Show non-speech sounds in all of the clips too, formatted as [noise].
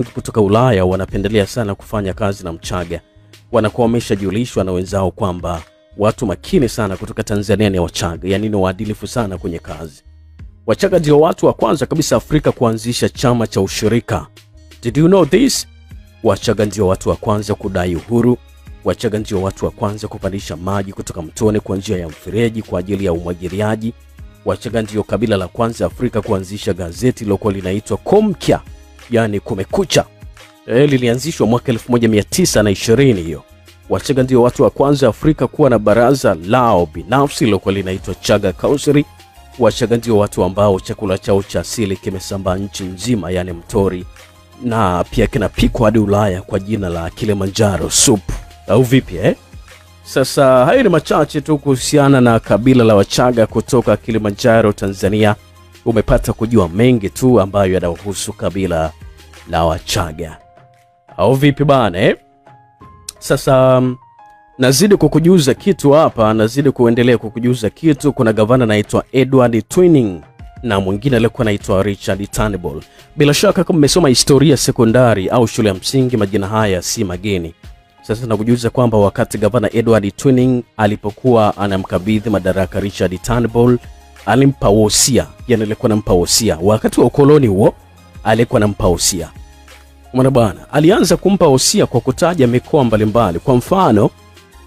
wengi kutoka Ulaya wanapendelea sana kufanya kazi na Mchaga. Wanakuwa wameshajulishwa na wenzao kwamba watu makini sana kutoka Tanzania ni Wachaga, yani ni waadilifu sana kwenye kazi. Wachaga ndio watu wa kwanza kabisa Afrika kuanzisha chama cha ushirika. Did you know this? Wachaga ndio watu wa kwanza kudai uhuru. Wachaga ndio watu wa kwanza kupandisha maji kutoka mtoni kwa njia ya mfereji kwa ajili ya umwagiliaji. Wachaga ndio kabila la kwanza Afrika kuanzisha gazeti lilokuwa linaitwa Komkia yani kumekucha. E, lilianzishwa mwaka 1920 hiyo. Wachaga ndio watu wa kwanza Afrika kuwa na baraza lao binafsi lilokuwa linaitwa Chaga Council. Wachaga ndio watu ambao chakula chao cha asili kimesambaa nchi nzima, yani mtori, na pia kinapikwa hadi Ulaya kwa jina la Kilimanjaro soup, au vipi eh? Sasa hayo ni machache tu kuhusiana na kabila la Wachaga kutoka Kilimanjaro, Tanzania umepata kujua mengi tu ambayo yanahusu kabila la Wachaga au vipi bana eh? Sasa mm, nazidi kukujuza kitu hapa, nazidi kuendelea kukujuza kitu. Kuna gavana anaitwa Edward Twining na mwingine aliyekuwa anaitwa Richard Turnbull. Bila shaka kama mmesoma historia sekondari au shule ya msingi, majina haya si mageni. Sasa nakujuza kwamba wakati gavana Edward Twining alipokuwa anamkabidhi madaraka Richard Turnbull alimpa wosia, yani alikuwa nampa wosia wakati wa ukoloni huo, alikuwa nampa wosia mwana bwana. Alianza kumpa wosia kwa kutaja mikoa mbalimbali. Kwa mfano,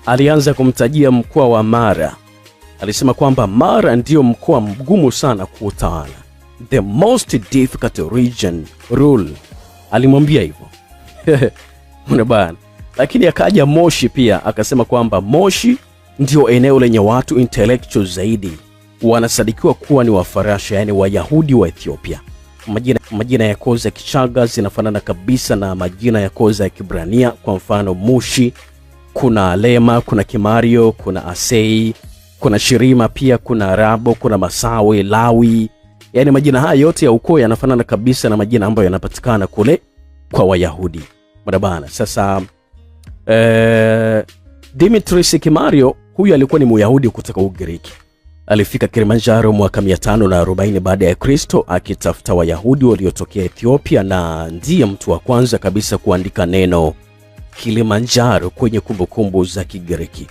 alianza kumtajia mkoa wa Mara. Alisema kwamba Mara ndiyo mkoa mgumu sana kuutawala, the most difficult region rule. Alimwambia hivyo [laughs] mwana bwana. Lakini akaja Moshi pia akasema kwamba Moshi ndio eneo lenye watu intellectual zaidi wanasadikiwa kuwa ni Wafarasha, yaani Wayahudi wa Ethiopia. Majina, majina ya koo za Kichaga zinafanana kabisa na majina ya koo za Kibrania, kwa mfano Mushi, kuna lema kuna Kimario, kuna Asei, kuna Shirima, pia kuna Rabo, kuna Masawe, Lawi. Yaani majina haya yote ya ukoo yanafanana kabisa na majina ambayo yanapatikana kule kwa Wayahudi. Barabara. Sasa eh, Dimitris Kimario huyu alikuwa ni Myahudi kutoka Ugiriki Alifika Kilimanjaro mwaka 540 baada ya Kristo akitafuta Wayahudi waliotokea Ethiopia na ndiye mtu wa kwanza kabisa kuandika neno Kilimanjaro kwenye kumbukumbu za Kigiriki.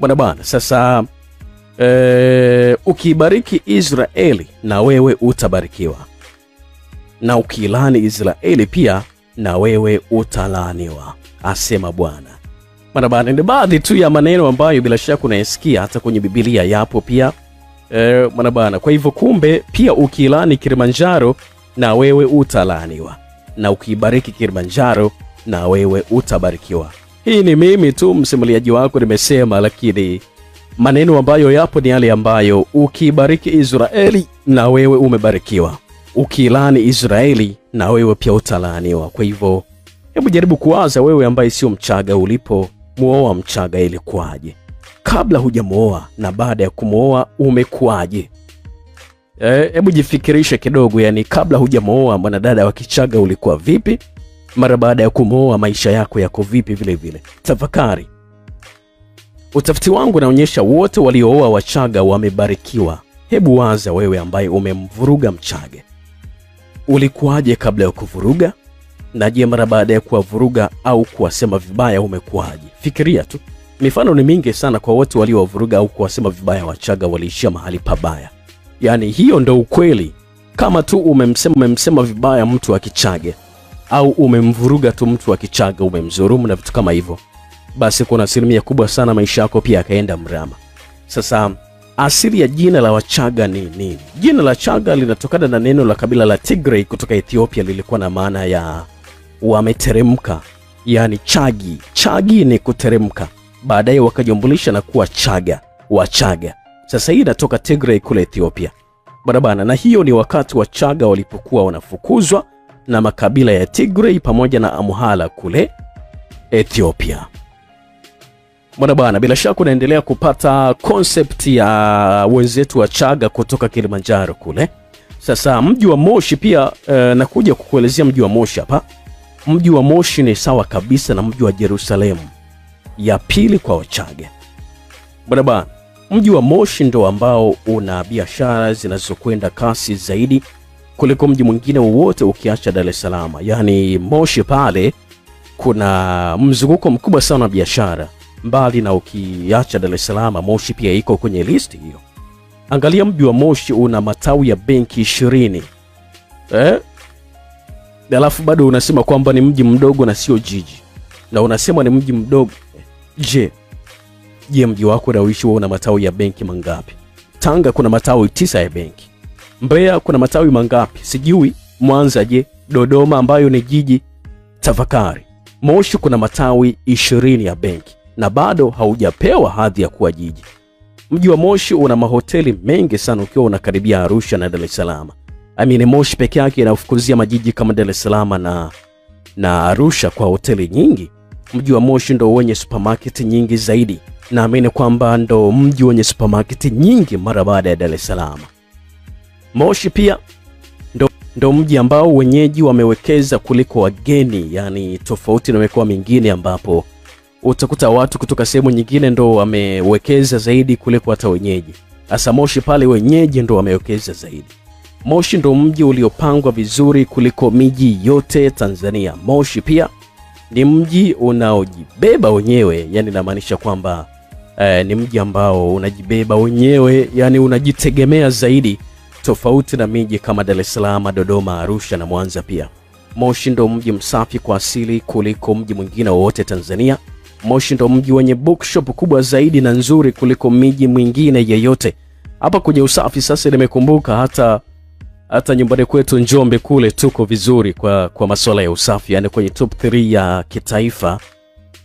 Bwana bwana, sasa e, ukibariki Israeli na wewe utabarikiwa, na ukilaani Israeli pia na wewe utalaaniwa, asema Bwana barabarani. Ni baadhi tu ya maneno ambayo bila shaka unayesikia hata kwenye Bibilia yapo pia e, eh, mwanabana. Kwa hivyo kumbe pia ukilani Kilimanjaro na wewe utalaniwa na ukibariki Kilimanjaro na wewe utabarikiwa. Hii ni mimi tu msimuliaji wako nimesema, lakini maneno ambayo yapo ni yale ambayo ukibariki Israeli na wewe umebarikiwa, ukilani Israeli na wewe pia utalaniwa Kwa hivyo hebu jaribu kuwaza wewe ambaye sio Mchaga ulipo Muoa Mchaga ilikuwaje? Kabla hujamuoa na baada ya kumwoa umekuwaje? Eh, hebu jifikirishe kidogo, yani kabla hujamwoa mwanadada wa Kichaga ulikuwa vipi? Mara baada ya kumwoa maisha yako yako vipi? Vile vile tafakari. Utafiti wangu unaonyesha wote waliooa Wachaga wamebarikiwa. Hebu waza wewe ambaye umemvuruga mchage ulikuwaje kabla ya kuvuruga? na je mara baada ya kuwavuruga au kuwasema vibaya umekuwaje. Fikiria tu, mifano ni mingi sana kwa watu waliowavuruga au kuwasema vibaya Wachaga waliishia mahali pabaya. Yaani hiyo ndo ukweli. Kama tu umemsema, umemsema vibaya mtu wa Kichage au umemvuruga tu mtu wa Kichaga, umemzurumu na vitu kama hivyo, basi kuna asilimia kubwa sana maisha yako pia akaenda mrama. Sasa asili ya jina la Wachaga ni nini? Jina la Chaga linatokana na neno la kabila la Tigray kutoka Ethiopia, lilikuwa na maana ya wameteremka, yani Chagi. Chagi ni kuteremka, baadaye wakajumbulisha na kuwa Chaga, Wachaga. Sasa hii inatoka Tigray kule Ethiopia barabara, na hiyo ni wakati wa chaga walipokuwa wanafukuzwa na makabila ya Tigray pamoja na Amhala kule Ethiopia. Bwana bwana, bila shaka unaendelea kupata concept ya wenzetu chaga kutoka Kilimanjaro kule. Sasa mji wa Moshi pia eh, nakuja kukuelezea mji wa Moshi hapa mji wa Moshi ni sawa kabisa na mji wa Yerusalemu ya pili kwa Wachage. Bwana mji wa Moshi ndo ambao una biashara zinazokwenda kasi zaidi kuliko mji mwingine wowote ukiacha Dar es Salaam. Yaani Moshi pale kuna mzunguko mkubwa sana wa biashara, mbali na ukiacha Dar es Salaam, Moshi pia iko kwenye listi hiyo. Angalia mji wa Moshi una matawi ya benki ishirini eh? alafu bado unasema kwamba ni mji mdogo na sio jiji na unasema ni mji mdogo je je mji wako unaoishi wewe una matawi ya benki mangapi tanga kuna matawi tisa ya benki mbeya kuna matawi mangapi sijui mwanza je dodoma ambayo ni jiji tafakari moshi kuna matawi ishirini ya benki na bado haujapewa hadhi ya kuwa jiji mji wa moshi una mahoteli mengi sana ukiwa unakaribia arusha na dar es salaam I mean, Moshi peke yake inafukuzia majiji kama Dar es Salaam na, na Arusha kwa hoteli nyingi. Mji wa Moshi ndo wenye supermarket nyingi zaidi, naamini kwamba ndo mji wenye supermarket nyingi mara baada ya Dar es Salaam. Moshi pia ndo, ndo mji ambao wenyeji wamewekeza kuliko wageni, yani tofauti na mikoa mingine ambapo utakuta watu kutoka sehemu nyingine ndo wamewekeza zaidi kuliko hata wenyeji. Hasa Moshi pale wenyeji ndo wamewekeza zaidi. Moshi ndo mji uliopangwa vizuri kuliko miji yote Tanzania. Moshi pia ni mji unaojibeba wenyewe, yani inamaanisha kwamba eh, ni mji ambao unajibeba wenyewe, yani unajitegemea zaidi, tofauti na miji kama Dar es Salaam, Dodoma, Arusha na Mwanza. Pia Moshi ndo mji msafi kwa asili kuliko mji mwingine wowote Tanzania. Moshi ndo mji wenye bookshop kubwa zaidi na nzuri kuliko miji mwingine yeyote. Hapa kwenye usafi sasa, nimekumbuka hata hata nyumbani kwetu Njombe kule tuko vizuri kwa, kwa masuala ya usafi, yani kwenye top 3 ya kitaifa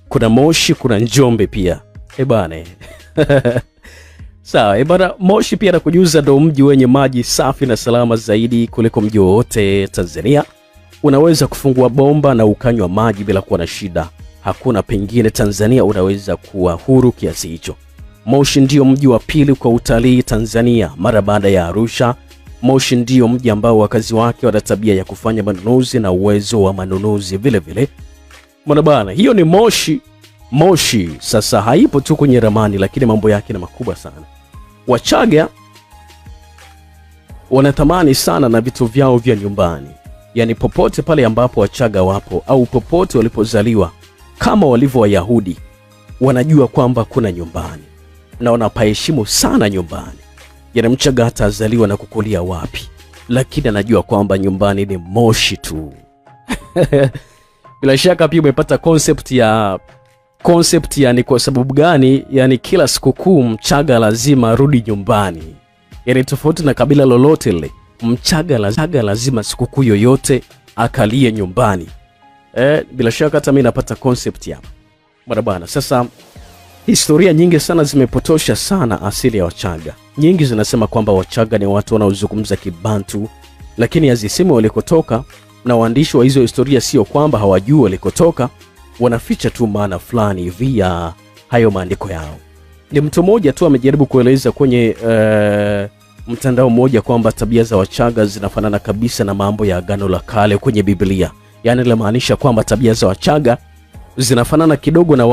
kuna Moshi, kuna Njombe pia ebane eh eh. [laughs] sawa ebana. Eh Moshi pia nakujuza ndo mji wenye maji safi na salama zaidi kuliko mji wowote Tanzania. Unaweza kufungua bomba na ukanywa maji bila kuwa na shida. Hakuna pengine Tanzania unaweza kuwa huru kiasi hicho. Moshi ndio mji wa pili kwa utalii Tanzania mara baada ya Arusha Moshi ndio mji ambao wakazi wake wana tabia ya kufanya manunuzi na uwezo wa manunuzi vile vile. Mbona bana, hiyo ni Moshi. Moshi sasa haipo tu kwenye ramani, lakini mambo yake ni makubwa sana. Wachaga wanatamani sana na vitu vyao vya nyumbani, yaani popote pale ambapo Wachaga wapo au popote walipozaliwa, kama walivyo Wayahudi, wanajua kwamba kuna nyumbani na wanapaheshimu sana nyumbani yanamchaga hata azaliwa na kukulia wapi, lakini anajua kwamba nyumbani ni moshi tu. [laughs] Bila shaka pia umepata concept ya concept ya ni kwa sababu gani, yani kila sikukuu Mchaga lazima arudi nyumbani. Yani tofauti na kabila lolote le Mchaga lazima, lazima sikukuu yoyote akalie nyumbani. Eh, bila shaka hata mimi napata concept ya mara bwana. Sasa historia nyingi sana zimepotosha sana asili ya Wachaga nyingi zinasema kwamba Wachaga ni watu wanaozungumza Kibantu, lakini hazisemi walikotoka, na waandishi wa hizo historia sio kwamba hawajui walikotoka, wanaficha tu maana fulani hivi ya hayo maandiko yao. Ni mtu mmoja tu amejaribu kueleza kwenye uh, mtandao mmoja kwamba tabia za Wachaga zinafanana kabisa na mambo ya Agano la Kale kwenye Biblia, yaani linamaanisha kwamba tabia za Wachaga zinafanana kidogo na wa